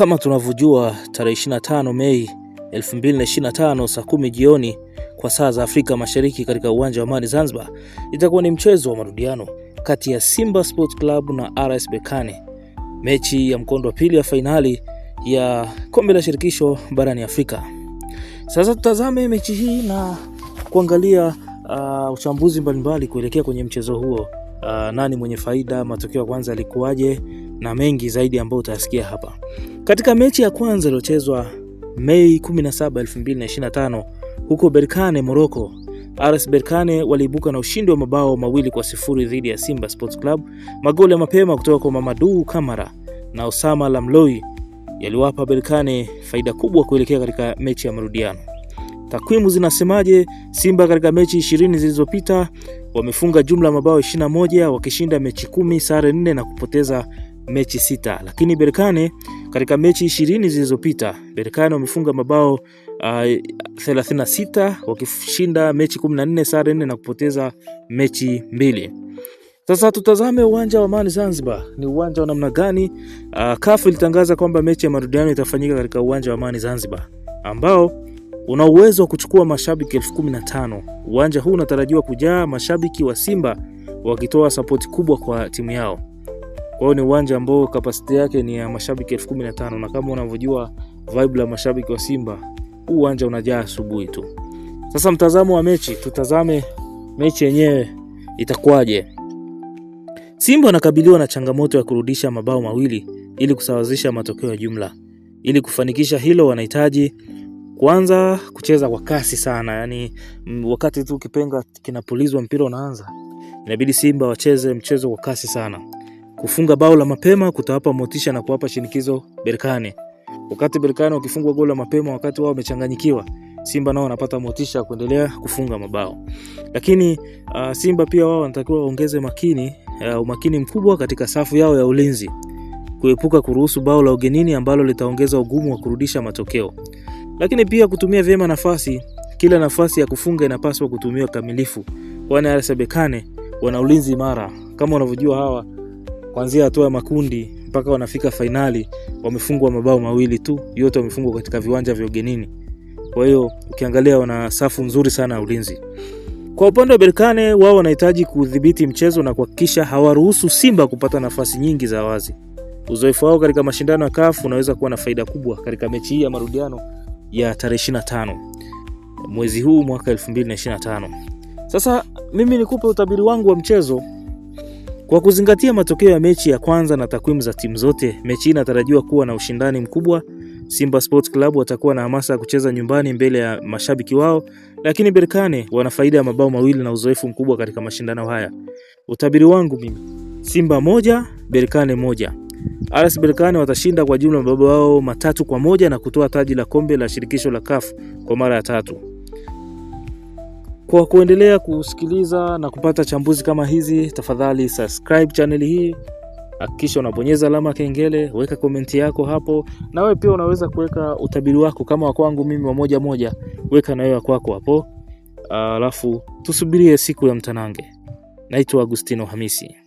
Kama tunavyojua tarehe 25 Mei 2025 saa kumi jioni kwa saa za Afrika Mashariki katika uwanja wa Amani Zanzibar, itakuwa ni mchezo wa marudiano kati ya Simba Sports Club na RS Berkane, mechi ya mkondo wa pili ya fainali ya kombe la shirikisho barani Afrika. Sasa tutazame mechi hii na kuangalia uh, uchambuzi mbalimbali kuelekea kwenye mchezo huo. Uh, nani mwenye faida, matokeo ya kwanza yalikuwaje, na mengi zaidi ambayo utayasikia hapa. Katika mechi ya kwanza iliyochezwa Mei 17, 2025 huko Berkane, Morocco, RS Berkane waliibuka na ushindi wa mabao mawili kwa sifuri dhidi ya Simba Sports Club. Magoli ya mapema kutoka kwa Mamadou Kamara na Osama Lamloi yaliwapa Berkane faida kubwa kuelekea katika mechi ya marudiano. Takwimu zinasemaje? Simba katika mechi ishirini zilizopita wamefunga jumla ya mabao 21 wakishinda mechi kumi, sare nne na kupoteza mechi sita, lakini Berkane katika mechi ishirini zilizopita Berkane wamefunga mabao uh, 36 wakishinda mechi 14, sare 4 na kupoteza mechi mbili. Sasa tutazame uwanja wa Amani Zanzibar ni uwanja wa namna gani? Uh, CAF ilitangaza kwamba mechi ya marudiano itafanyika katika uwanja wa Amani Zanzibar ambao una uwezo wa kuchukua mashabiki elfu kumi na tano. Uwanja huu unatarajiwa kujaa mashabiki wa Simba wakitoa sapoti kubwa kwa timu yao. Kwa hiyo ni uwanja ambao kapasiti yake ni ya mashabiki elfu kumi na tano na kama unavyojua vibe la mashabiki wa Simba, huu uwanja unajaa asubuhi tu. Sasa mtazamo wa mechi, tutazame mechi yenyewe itakuwaje. Simba anakabiliwa na changamoto ya kurudisha mabao mawili ili kusawazisha matokeo ya jumla. Ili kufanikisha hilo, wanahitaji kwanza kucheza kwa kasi sana, yani mm, wakati tu kipenga kinapulizwa mpira unaanza, inabidi Simba wacheze mchezo kwa kasi sana. Kufunga bao la mapema kutawapa motisha na kuwapa shinikizo Berkane. Wakati Berkane wakifungwa goli la mapema, wakati wao wamechanganyikiwa, Simba nao wanapata motisha kuendelea kufunga mabao. Lakini uh, Simba pia wao wanatakiwa waongeze makini uh, umakini mkubwa katika safu yao ya ulinzi kuepuka kuruhusu bao la ugenini ambalo litaongeza ugumu wa kurudisha matokeo. Lakini pia kutumia vyema nafasi, kila nafasi ya kufunga inapaswa kutumiwa kamilifu, kwani RS Berkane wana ulinzi imara. Kama unavyojua hawa kuanzia hatua ya makundi mpaka wanafika fainali wamefungwa mabao mawili tu, yote wamefungwa katika viwanja vya ugenini. Kwa hiyo ukiangalia wana safu nzuri sana ya ulinzi. Kwa upande wa Berkane, wao wanahitaji kudhibiti mchezo na kuhakikisha hawaruhusu Simba kupata nafasi nyingi za wazi. Uzoefu wao katika mashindano ya CAF unaweza kuwa na faida kubwa katika mechi hii ya marudiano ya tarehe 25 mwezi huu mwaka 2025. Sasa mimi nikupe utabiri wangu wa mchezo kwa kuzingatia matokeo ya mechi ya kwanza na takwimu za timu zote, mechi hii inatarajiwa kuwa na ushindani mkubwa. Simba Sports Club watakuwa na hamasa ya kucheza nyumbani mbele ya mashabiki wao, lakini Berkane wana faida ya mabao mawili na uzoefu mkubwa katika mashindano haya. Utabiri wangu mimi, Simba moja, Berkane moja. Aras Berkane watashinda kwa jumla mabao matatu kwa moja na kutoa taji la kombe la shirikisho la CAF kwa mara ya tatu. Kwa kuendelea kusikiliza na kupata chambuzi kama hizi, tafadhali subscribe channel hii, hakikisha unabonyeza alama kengele, weka komenti yako hapo, na wewe pia unaweza kuweka utabiri wako kama wa kwangu mimi wa moja moja, weka na wewe wa kwako hapo, alafu tusubirie siku ya mtanange. Naitwa Agustino Hamisi.